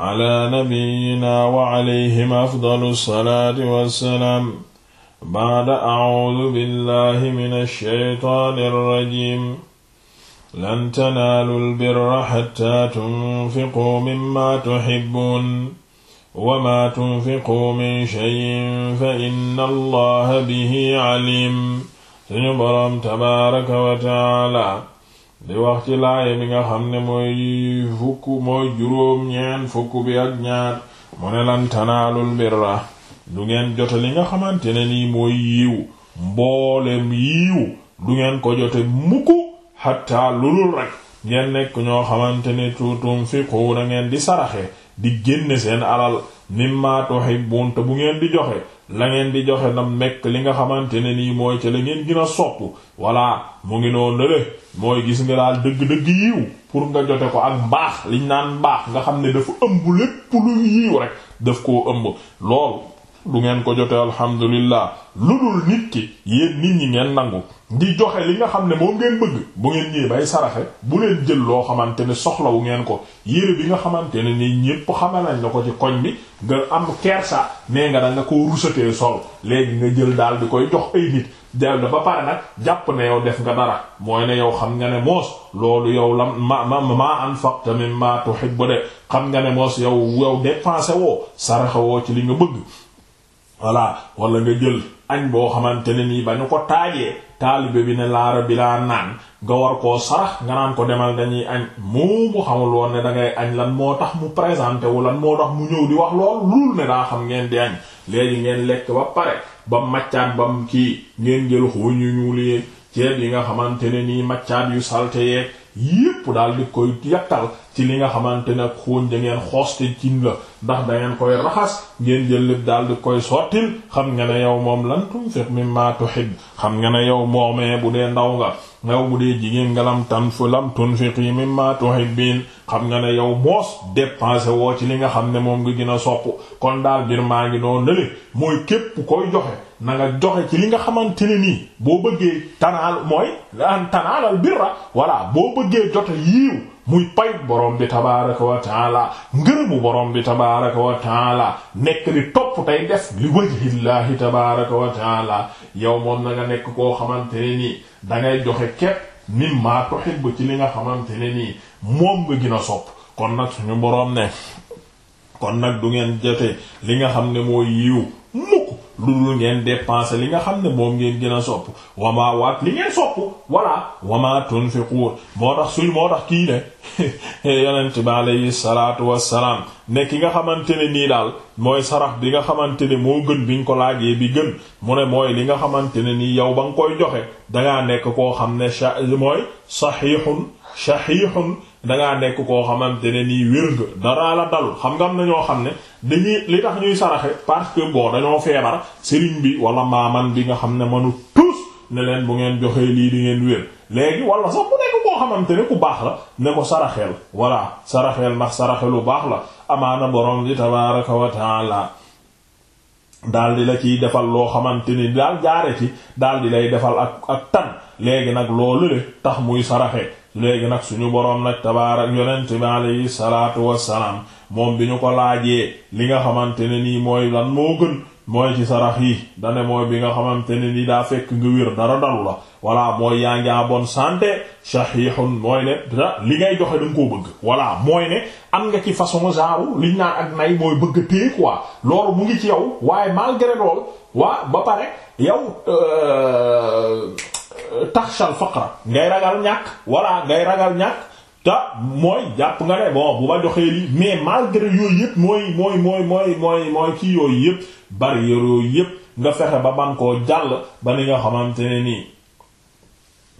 ala nabiyyina wa alayhim afdalu salaati wassalaam ba'da a'uudu billahi mina shaytaani rajiim lan tanaalul birra hattaa tunfiquu mimmaa tuhibbuun wa maa tunfiquu min shay'in fa inna allaha bihi aliim suñu boroom tabaaraka wa ta'aala di wax ci laaya bi nga xam ne mooy fukk mooy juróom ñeen fukk bi ak ñaar mu ne lan tanaalul birra du ngeen jote li nga xamante ne nii mooy yiiw mboolem yiiw du ngeen ko jote mukk xattaa lulul rek ngeen nekk ñoo xamante ne tuutum fiqu da ngeen di saraxe di génne seen alal mimma tuhibbun te bu ngeen di joxe la ngeen di joxe na mekk li nga xamante ne nii mooy ca la ngeen gën a sopp voilà mu ngi noonu na le mooy gis nga daal dëgg-dëgg yiw pour nga jote ko ak mbaax liñ naan mbaax nga xam ne dafa ëmb lépp lu yiw rek daf koo ëmb lool du ngeen ko jotee alhamdulillah lu dul nit ki yéen nit ñi ngeen nangu di joxe li nga xam ne moom ngeen bëgg bu ngeen ñëwee bay saraxe bu leen jël loo xamante ne soxlawu ngeen ko yére bi nga xamante ne ni ñépp xamanañ la ko ci koñ bi nga am kersa nee nga da ko koo rusatee sol léegi nga jël daal di koy jox ay nit dal da ba pare nag jàpp na yow def nga dara mooy ne yow xam nga ne moos loolu yow la ma ma ma anfaqta mimma tuhibbu de xam nga ne moos yow yow dépensé woo saraxe woo ci li nga bëgg voilà wala nga jël añ boo xamante ne nii ba ñu ko taajee taalibe bi ne laara bi laa naan nga war koo sarax nga naan ko demal dañuy añ mu mu xamul woon ne da añ lan moo tax mu présenté wu lan moo tax mu ñëw di wax lool luul ne daa xam ngeen di añ léegi ngeen lekk ba pare bam maccaat bam kii ngeen jël xoo ñu ñuulee ceeb yi nga xamante ne nii maccaat yu salte yeeg yépp daal di koy yàttal ci li nga xamante ne xooñ da ngeen xooste cin la ndax da ngeen koy raxas ngeen jël lépp daal di koy sottil xam nga ne yow moom lan tunfiq mimma tuhib xam nga ne yow moomee bu dee ndaw nga yow bu dee jigéen nga lam tan fu lam tunfiqi mimma tuhibbin xam nga ne yow moos dépensé woo ci li nga xam ne moom ngi gën a sopp kon daal bir maa ngi doon nële mooy képp koy joxe na nga joxe ci li nga xamante ne nii boo bëggee tanaal mooy an tanaalal birra voilà boo bëggee jote yiiw muy payut borom bi tabaaraka wa taala ngërëmu borom bi tabaaraka wa taala nekk di topp tey def li wajhillaahi tabaaraka wa taala yow moom na nga nekk koo xamante ne nii dangay joxe kepp mimmaa tuhibbu ci li nga xamante ne nii moom nga gën a sopp kon nag suñu borom ne kon nag du ngeen jate li nga xam ne moo yiw lu ngeen dépenser li nga xam ne moom ngeen gën a sopp wamaa waat li ngeen sopp walla wamaa tunfiqu moo tax suñ moo tax kii ne yonent bi alayhi salaatu wassalaam ne ki nga xamante ne nii daal mooy sarax bi nga xamante ne moo gën biñ ko laajee bi gën mu ne mooy li nga xamante ne nii yow ba nga koy joxe dangaa nekk koo xam ne mooy saxiixun saxiixun danga nekk koo xamante ne nii wér nga daraa la dalul xam nga am na ñoo xam ne dañuy li tax ñuy saraxe parce que bon dañoo feebar sëriñ bi wala maaman bi nga xam ne manu tus ne bu ngeen joxee lii di ngeen wér léegi wala sax bu nekk koo xamante ne ku baax la ne ko saraxeel voilà saraxeel ndax saraxe lu baax la amaana borom di tabaraka wa taala daal di la ciy defal loo xamante ni daal jaare ci daal di lay defal ak ak tan léegi nag loolu le tax muy saraxe léegi nag suñu boroom nag tabaarak yonent bi alayhi salaatu salaam moom bi ñu ko laajee li nga xamante ne nii mooy lan moo gën mooy ci sarax yi dane mooy bi nga xamante ne nii daa fekk nga wér dara dalu la voilà mooy yaa ngi en bonne santé sahihun mooy ne li ngay joxe da koo bëgg voilà mooy ne am nga ci façon genre liñ naan ak nay mooy bëgg a téye quoi loolu mu ngi ci yow waaye malgré waa ba pare yow euh, taxshal faqra ngay ragal ñàkk walla ngay ragal ñàkk te mooy jàpp nga ne bon bu ma joxee lii mais malgré yooyu yëpp mooy mooy mooy mooy mooy kii yooyu yëpp bari yooyu nga fexe ba ban koo jàll ba ni nga xamante ne nii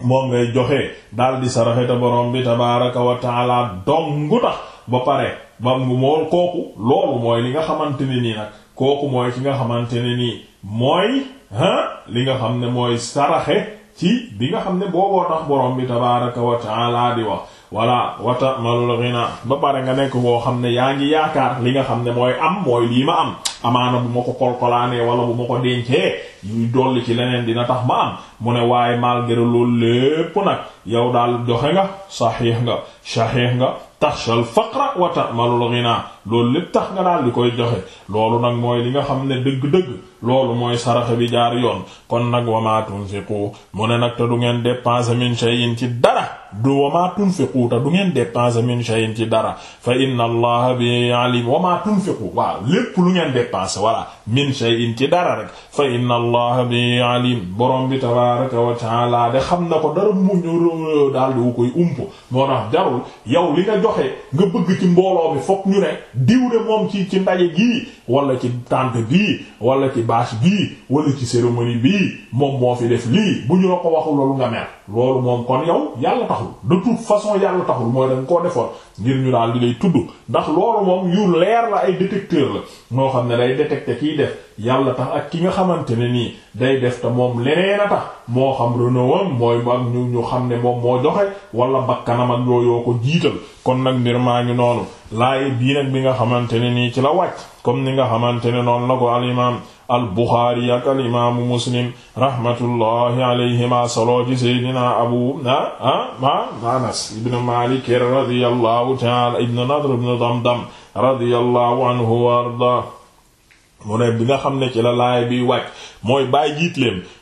moo ngay joxe daal di saraxe te borom bi tabaaraka wa taala dongu tax ba pare ba mool kooku loolu mooy li nga xamante ne nii nag kooku mooy ki nga xamante ne nii mooy ah li nga xam ne mooy saraxe. ci bi nga xam ne booboo tax borom bi tabaaraka wa ta'ala di wax walla wata malul ghina ba pare nga nekk boo xam ne yaa ngi yaakaar li nga xam ne mooy am mooy lii ma am amaana bu ma ko kolkolaanee wala bu ma ko dencee yuy dolli ci leneen dina tax ma am mu ne waaye malgré loolu lépp nag yow daal doxe nga saxiix nga saxiix nga taxshal faqra wata malul ghina loolu lépp tax nga daal di koy joxe loolu nag mooy li nga xam ne dëgg-dëgg loolu mooy saraxe bi jaar yoon kon nag wama tunfiqu mu ne nag te du ngeen dépenser min shay'in ci dara du wama tunfiqu te du ngeen dépenser min shay'in ci dara fa inna allaha bi alim lépp lu ngeen dépenser voilà min shay'in ci dara rek fa inna allaha bi alim borom bi tabaraka wa taala de xam na ko dara mu ñu daal di koy ump moo tax jarul yow li nga joxe nga bëgg ci mbooloo fokk ñu ne diw de moom ci ci ndaje gii wala ci tente bii wala ci bâche bii wala ci cérémonie bii moom moo fi def lii bu ñu la ko waxul loolu nga mer loolu moom kon yow yàlla taxul de toute façon yàlla taxul mooy da koo defoon ngir ñu daal di lay tudd ndax loolu moom yu leer la ay détecteur la moo xam ne day détecter kiy def yàlla ak ki nga xamante ne nii day def te moom leneen a tax moo xam renawam mooy ak ñu ñu xam ne moom moo joxe wala bakkanam ak yooyoo ko jiital kon nag mbir maa ngi noonu laaye bii nag bi nga xamante ne nii ci la wàcc comme ni nga xamante ne noonu la ko al imaam al buxaari ak al imaamu muslim rahmatullahi alayhima solo ci seydina abu ah, anas ibn malik radiyallahu ta'ala ibn nadr ibn damdam radiyallahu anhu wa arda mu ne bi nga xam ne ci la laay biy wàcc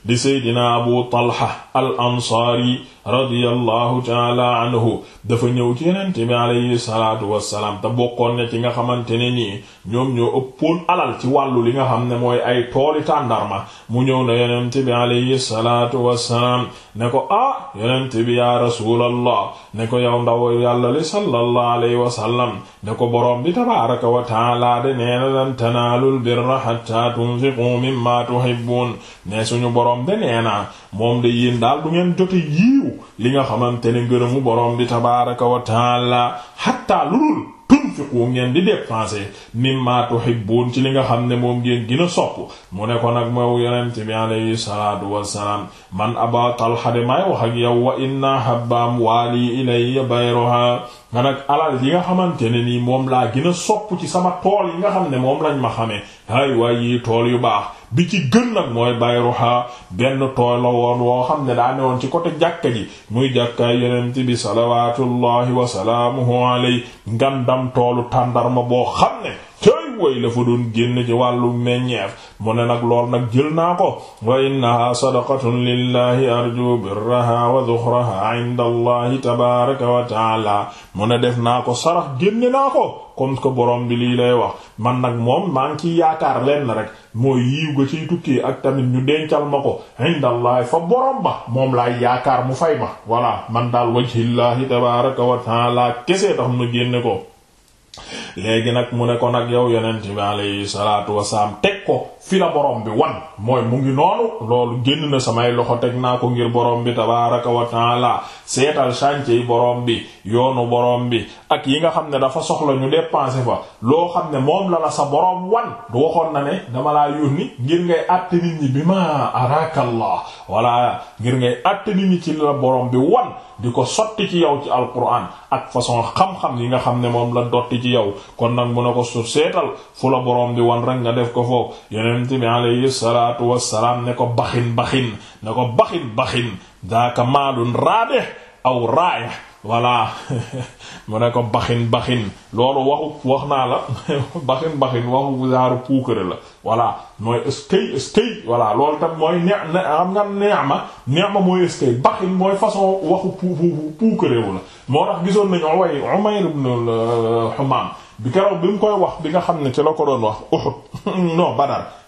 abu talha al ansaari radiyallahu taala anhu dafa ñëw ci yonent bi alayhi salaatu wassalaam te bokkoon ne ci nga xamante ne nii ñoom ñoo ëppoon alal ci wàllu li nga xam ne mooy ay tooli tàndarma mu ñëw na yonent bi alayhi salaatu wassalaam ne ko ah yonent bi yaa rasuulallah ne ko yow ndaw yàlla li sallallahu alayhi wasallam ne ko boroom bi tabaaraka wa taala de nee na lan tanaalul birra hatta tunfiqu mimma tuhibbuun ne suñu borom de nee moom de yéen daal du ngeen jote yiiw li nga xamante ne ngërëmu boroom di tabaaraka wa taala hatta lulul tunfiqu ngeen di dépenser mimma tuhibbun ci li nga xam ne moom ngeen gën a sopp mu ne ko nag moo yonent bi alayhi salaatu wassalaam man aba talha may wax ak yow wa inna habba amwaali ilayya bayruha man nag alal yi nga xamante ne nii moom laa gën a sopp ci sama tool yi nga xam ne moom lañ ma xamee ay waay tool yu baax bi ci gën nag mooy bayruha benn tool la woon woo xam ne daa ne woon ci côté jàkka ji muy jàkkaay yonent bi salawatullahi wasalaamuhu aley ngandam toolu tàndarma boo xam ne cay woy la fa doon génn ci wàllu meññeef mu ne nag lool nag jël naa ko wa innaha sadaqatun lillahi arju birraha wa zuxraha inda allahi tabaraka wa taala mu ne def naa ko sarax génne naa ko comme que borom bi lii lay wax man nag moom maa ngi yaakaar leen rek mooy yiiw ga ciy tukkee ak tamit ñu dencal ma ko indallahi fa borom ba moom laay yaakaar mu fay ma voilà man daal wajhillahi tabaraka wa taala kese tax mu génne ko léegi nag mu ne ko nag yow yonent bi alayhi salaatu wasalaam teg ko fi la boroom bi wan mooy mu ngi noonu loolu génn na samay loxo teg naa ko ngir borom bi tabaaraka wa taala seetal chantier yi borom bi yoonu borom bi ak yi nga xam ne dafa soxla ñu dépenser fa loo xam ne moom la la sa borom wan du waxoon na ne dama laa yónni ngir ngay àtte ñi bi ma arakallah walla ngir ngay àtte nit ñi ci la borom bi wan di ko sotti ci yow ci alquran ak façon xam yi nga xam ne moom la dotti ci yow kon nag mu ne ko su seetal fu la borom bi wan rek nga def ko foofu yonent bi alayhi salaatu wassalaam ne ko baxin baxin ne ko baxin baxin daaka maalun raade mu ne ko baxin baxin loolu waxu wax naa la baxin baxin waxu genre puukare la voilà mooy eskay eskay voilà loolu tam mooy ne xam nga neema neema mooy eskay baxin mooy façon waxu pu puukare wu la moo tax gisoon nañu way Umayr ibn al-Humam euh, bi keroog bi mu koy wax bi nga xam ne ci la ko doon wax Uhud non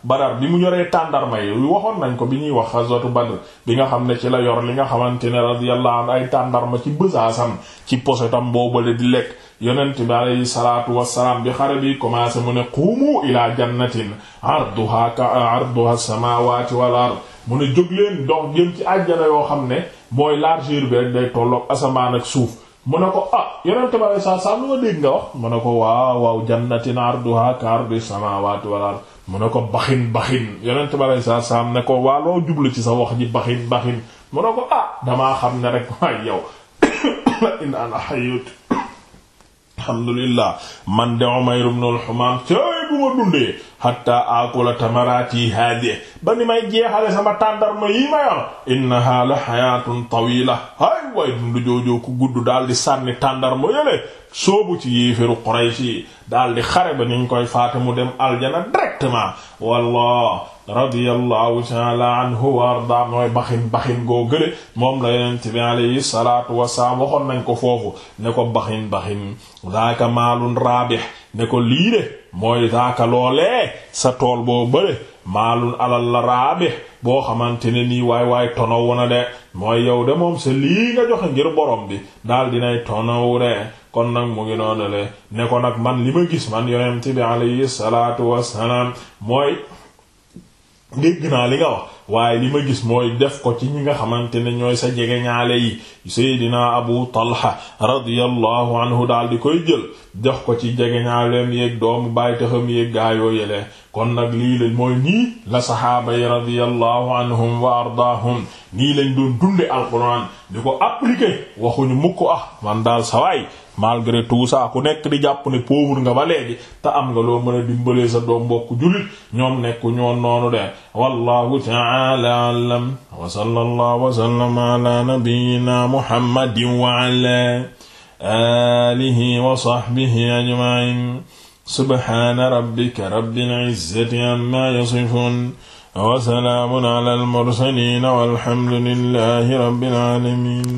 Badar bi mu ñoree tàndarma yi waxoon nañ ko bi ñuy wax xazwatu Badr bi nga xam ne ci la yor li nga xamante ne radiyallahu anhu ay tàndarma ci bësaasam ci tam posetam boobale di lekk yonent bi alayhi salaatu wassalaam bi xare bi commencé mu ne qumu ila jannatin arduha ka arduha samawati wal ard mu ne jóg leen dox jëm ci àjjana yoo xam ne mooy largeur bi rek day tolloog asamaan ak suuf mu ne ko ah yonente bi alei satu salaam lu ma dégg nga wax mu ne ko waaw waaw jannatin arduha ka ardi samawati wal ard mu ne ko baxin baxin yonente bi alei satu salaam ne ko waa loo jublu ci sa wax ji baxin baxin mu ne ko ah damaa xam ne rek waay yow in ana hayyut alhamdulillah man de Umayr ibn al-Humam bu ma dundee hatta akula tamarati hadi ba ni may jeexale sama tàndarma yi ma yor innaha la hayatun tawila hay way dundu joojoo ku gudd daal di sànni tàndarma soobu ci yéefiru Quraysh daal di xare ba niñ koy faate mu dem aljana directement wallah radiyallahu taala anhu wa arda mooy baxin baxin goo moom la yonent alayhi salaatu wasalaam waxoon nañ ko foofu ne ko baxin baxin zaaka maalun raabih ne ko lii de mooy daaka loolee sa tool boo bëre maalun alal la raabi boo xamante ne nii waay waay tonaw wona de mooy yow de moom sa lii nga joxe ngir borom bi daal dinay tonaw de kon nag mu ngi noonu le ne ko nag man li ma gis man yonent bi alayhi salaatu wassalaam mooy dégg naa li nga waaye li ma gis mooy def ko ci ñi nga xamante ne ñooy sa jege ñaale yi seydina abu talha radiyallahu anhu daal di koy jël def ko ci jege ñaaleem yeeg doomu bàyyi taxam yeeg gaayoo yelee kon nag lii mooy nii la saxaaba yi radiyallahu anhum wa ardaahum nii lañ doon dunde alquran di ko appliquer waxuñu mukk ah man daal sawaay malgré tout ça ku nekk di jàpp ne pauvre nga ba léegi am nga loo mën a sa doom mbokk jullit ñoom nekku ñoon noonu de wallahu ta'ala alam wa sallallahu wa sallama ala nabiyyina muhammadin wa ala alihi wa sahbihi ajma'in subhana rabbika rabbil izzati amma yasifun wa salaamun ala al